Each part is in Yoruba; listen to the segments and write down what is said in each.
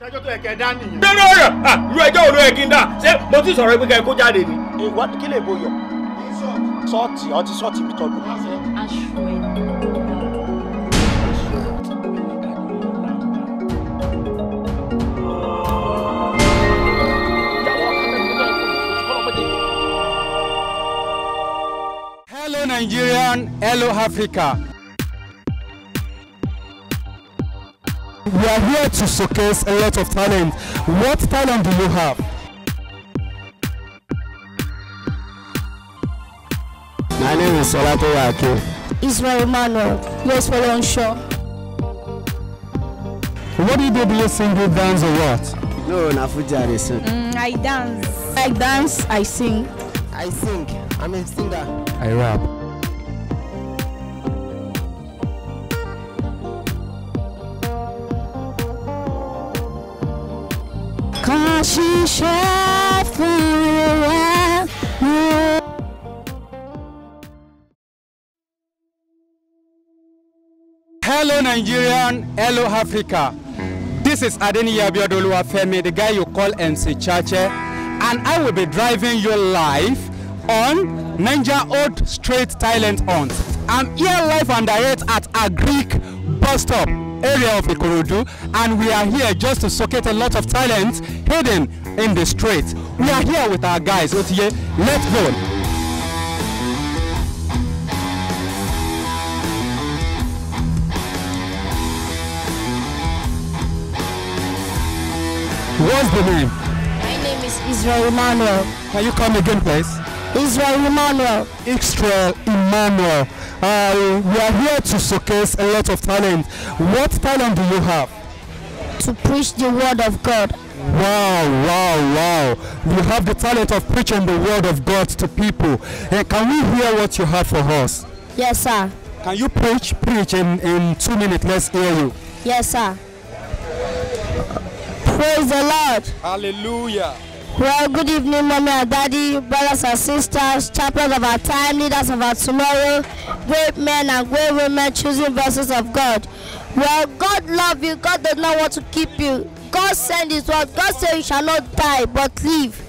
ṣẹjọ́ tó lu ah, ẹjọ́ òru ẹ̀ kí dà ṣé mo ti sọ̀rọ̀ pé kó jáde ni. ìwọ kí lè bo yọ sọ́ọ̀tì ọtí sọ́ọ̀tì mi tọ́jú. Hello Nigerian, hello Africa. We are here to showcase a lot of talent. What talent do you have? My name is Olato Ake. Israel Manuel, yes, for well, sure. What do you do? Sing, you dance, or what? No, na Fuji I sing. Mm, I dance. I dance, I sing. I sing. I'm a singer. I rap. cause she Hello Nigerian, hello Africa. This is Adeni Yabiodolua Femi, the guy you call MC Chache, and I will be driving you live on Ninja Old Straight Thailand on. I'm here live and direct at Greek bus stop area of Ikorodu and we are here just to socket a lot of talent hidden in the streets. We are here with our guys, Otiye, let's go. What's the name? My name is Israel Emmanuel. Can you come again, please? Israel Emmanuel. Israel Emmanuel. Uh, we are here to showcase a lot of talent. What talent do you have? To preach the word of God. Wow, wow, wow. You have the talent of preaching the word of God to people. Uh, can we hear what you have for us? Yes, sir. Can you preach, preach in, in two minutes? Let's hear you. Yes, sir. Praise the Lord. Hallelujah. Well, good evening, mommy and daddy, brothers and sisters, chaplains of our time, leaders of our tomorrow, great men and great women choosing verses of God. Well, God love you. God does not want to keep you. God send his word. God said you shall not die, but live.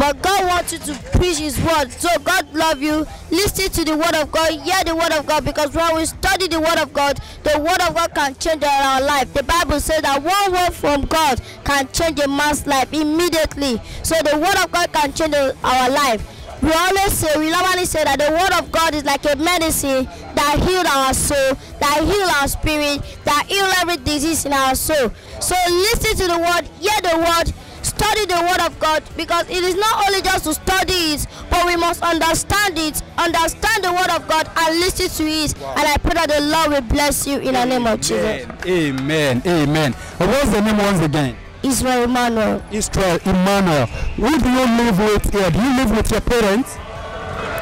But God wants you to preach His word. So God love you. Listen to the word of God. Hear the word of God. Because when we study the word of God, the word of God can change our life. The Bible says that one word from God can change a man's life immediately. So the word of God can change our life. We always say, we normally say that the word of God is like a medicine that heal our soul, that heal our spirit, that heal every disease in our soul. So listen to the word, hear the word, study the Word of God because it is not only just to study it, but we must understand it, understand the Word of God, and listen to it. Wow. And I pray that the Lord will bless you in Amen. the name of Jesus. Amen. Amen. What's the name once again? Israel Emmanuel. Israel Emmanuel. Who do you live with here? Do you live with your parents?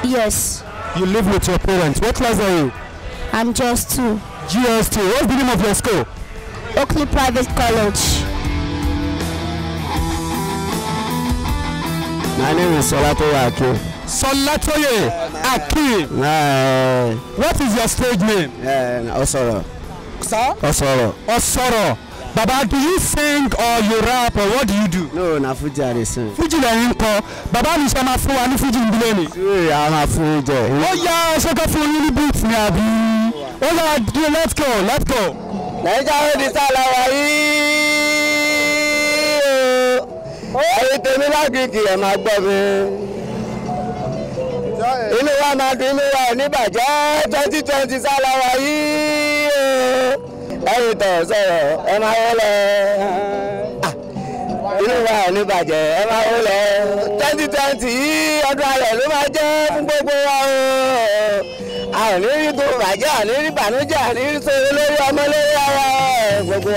Yes. You live with your parents. What class are you? I'm just two. GS2. What's the name of your school? Oakley Private College. My name is Solatoye Akim. Solatoye Akim. Eh. What is your stage name? Uh, Osoro. Sir? Osoro. Osoro. Baba, do you sing or you rap or what do you do? No, na Fuji I dey sing. Fuji lẹ́yìn ń kọ. Bàbá mi ṣe máa fún wa ní Fuji ń bilé ni. Ṣé a máa fún jẹ? Ó yá ṣé ká fún yín ní bíìtì ni àbí? Ó yá let's go let's go. Nàìjíríà ó di sálà wáyé. ayé tèmi lágìkì ẹ̀ máa gbọ mi inú wa máa dùn inú wa twenty twenty wa yìí ẹ̀yin tọ̀ sọ̀rọ̀ ẹ máa wọlé ah, inú wa ẹ máa twenty twenty yìí ọdún ló máa jẹ́ gbogbo wa o àní rí bàjẹ́ àní rí àní lórí ọmọ lórí gbogbo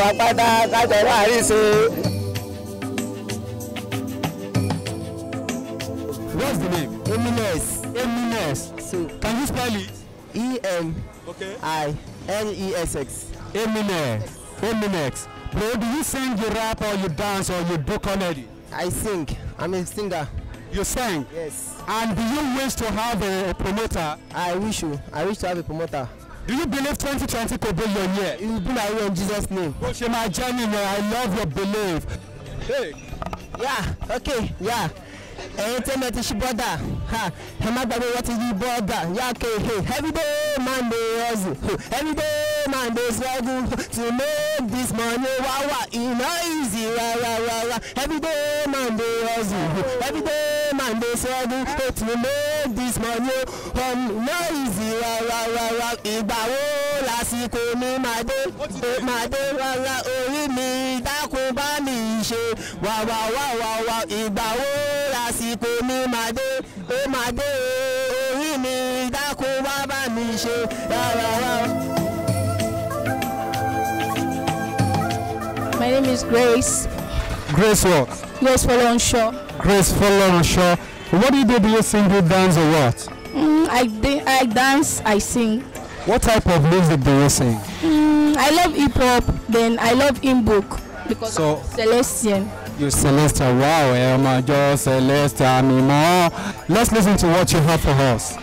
What's the name? Emines. Emines. So. Can you spell it? E M. Okay. I N E S X. Emines. Emines. Bro, do you sing, you rap, or you dance, or you do comedy? I sing. I'm a singer. You sing? Yes. And do you wish to have a, a promoter? I wish you. I wish to have a promoter. Do you believe 2020 could be your year? It will be my year in Jesus' name. Bó ṣe máa jẹ́ nìyẹn, I love your belief. Hey. Yeah, okay, yeah ẹ̀yin tẹ́lẹ̀ ti ṣí bọ́dà ẹ má gbàgbé wọ́n ti yí bọ́dà yàkè everyday man dey hustle everyday man dey to make this money wawa e no easy wawawawa everyday man dey hustle everyday man dey struggle to make this money um, no easy wawawawa ìgbà wo lásìkò mi máa dé máa dé wàrà orí mi dákun bá mi ṣe wàwà ìgbà wo lásìkò mi máa dé ó máa dé orí mi dákun wá bá mi ṣe wàwà My name is Grace. Grace what? Grace Folorunso. Grace Folorunso. What do you do? Do you sing, do you dance, or what? Mm, I, I dance, I sing. What type of music do you sing? Mm, I love hip hop, then I love in book because so, I'm Celestian. You're Celestial. Wow, Emma, eh, you're Celestia, Mimo. Let's listen to what you have for us.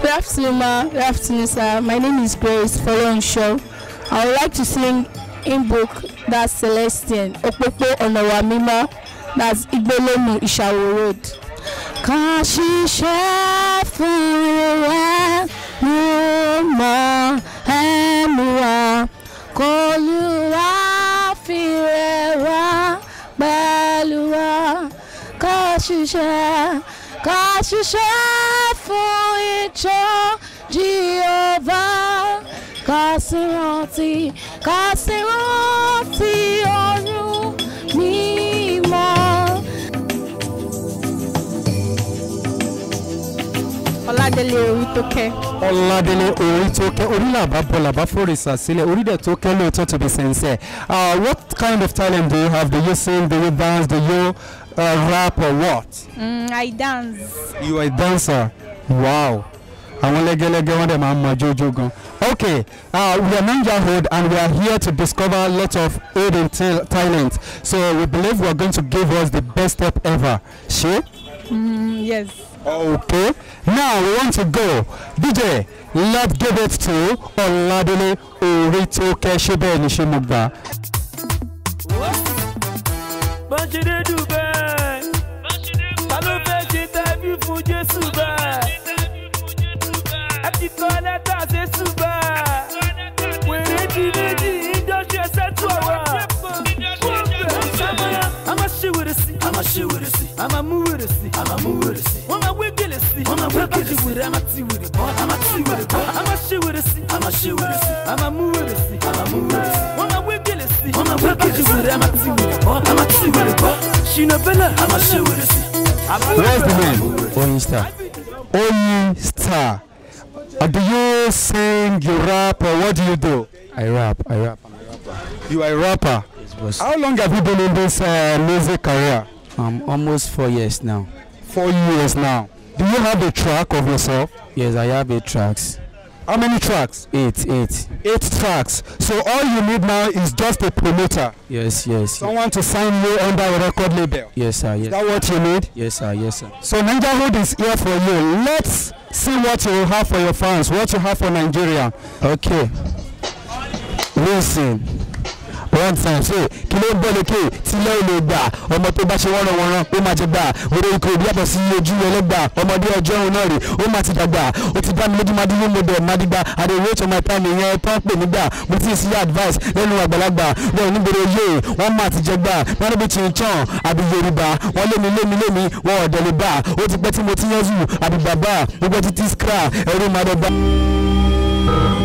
Good afternoon, ma. Good afternoon, sir. My name is Grace Following Show. I would like to sing in book that Celestian, Opopo Onawamima, that's Igbolomu Ishawo Road. Kàn ṣiṣẹ́ fún ẹ̀mí wa kó lùwà fìrẹ̀ wá pẹ̀lú wa ká ṣiṣẹ́ ká ṣiṣẹ́ fún ìjọ jíọba Ọládélé Orítókẹ́. Ọládélé Orítókẹ́ onílàbà bọ̀làbà fòrìṣà sílẹ̀ orílẹ̀ tó kẹ́ lóòótọ́ to be sincere uh, what kind of talent do you have do you sing do you dance do you uh, rap or what. Mm, I dance. you are a dancer wow àwọn lẹ́gẹ́lẹ́gẹ́ wọ́n dẹ̀ máa ń mọ jójó gan. okay uh, we are Naija-hood and we are here to discover lots of hidden talent so we believe we are going to give us the best step ever. Sure? Mm, yes. Okay. Now we want to go. DJ, let's give it to Oladele Oritoke Shebeni Shimugba. Bájídé Dùbẹ́, ta ló fẹ́ ṣe tẹ́bí fún Jésù bẹ́ẹ̀? kachi wirisi amamu wirisi amamu wirisi wama wigilisi wama wigilisi wiri amati wiri bọta amati wiri bọta amashi wirisi amashi wirisi amamu wirisi amamu wirisi wama wigilisi wama wigilisi wiri amati wiri bọta amati wiri bọta shinabela amashi wirisi Where's the man? Oyin Star. Oyin Star. Do you sing, you rap, or what do you do? I rap, I rap. You are a rapper. Yes, How long have you been in this uh, music career? I'm um, almost four years now. Four years now. Do you have a track of yourself? Yes, I have eight tracks. How many tracks? Eight, eight. Eight tracks. So all you need now is just a promoter. Yes, yes. Someone yes. to sign you under a record label. Yes, sir. Yes. Is that what you need? Yes, sir. Yes, sir. So Ninja Hood is here for you. Let's see what you have for your fans, what you have for Nigeria. Okay. Listen one time ṣe kí ló ń bọ́ lókè tí lẹ́yìn lè gbà ọmọ tó bá ṣe wọ́n ràn wọ́n rán ó máa ti gbà òde ikọ̀ òbí yàtọ̀ sí ojú ẹlẹ́gbà ọmọdé ọjọ́ òun náà rè ó máa ti dàgbà ó ti dá mi lójú máa dúró mo dẹ̀ máa dìgbà àdé ìwé ìtọ́ máa tán nìyẹn tó ń pè nígbà mo ti sí advice lẹ́nu àgbàlagbà wọn níbèrè yé wọn máa ti jẹ gbà wọn níbi tí ń tàn àbí yorùbá wọn lémi lémi lémi wọn ọ̀dẹ̀ lè bá ó ti pẹ́ tí mo ti yẹn zù àbí bàbá gbogbo títí skra ẹ̀rú máa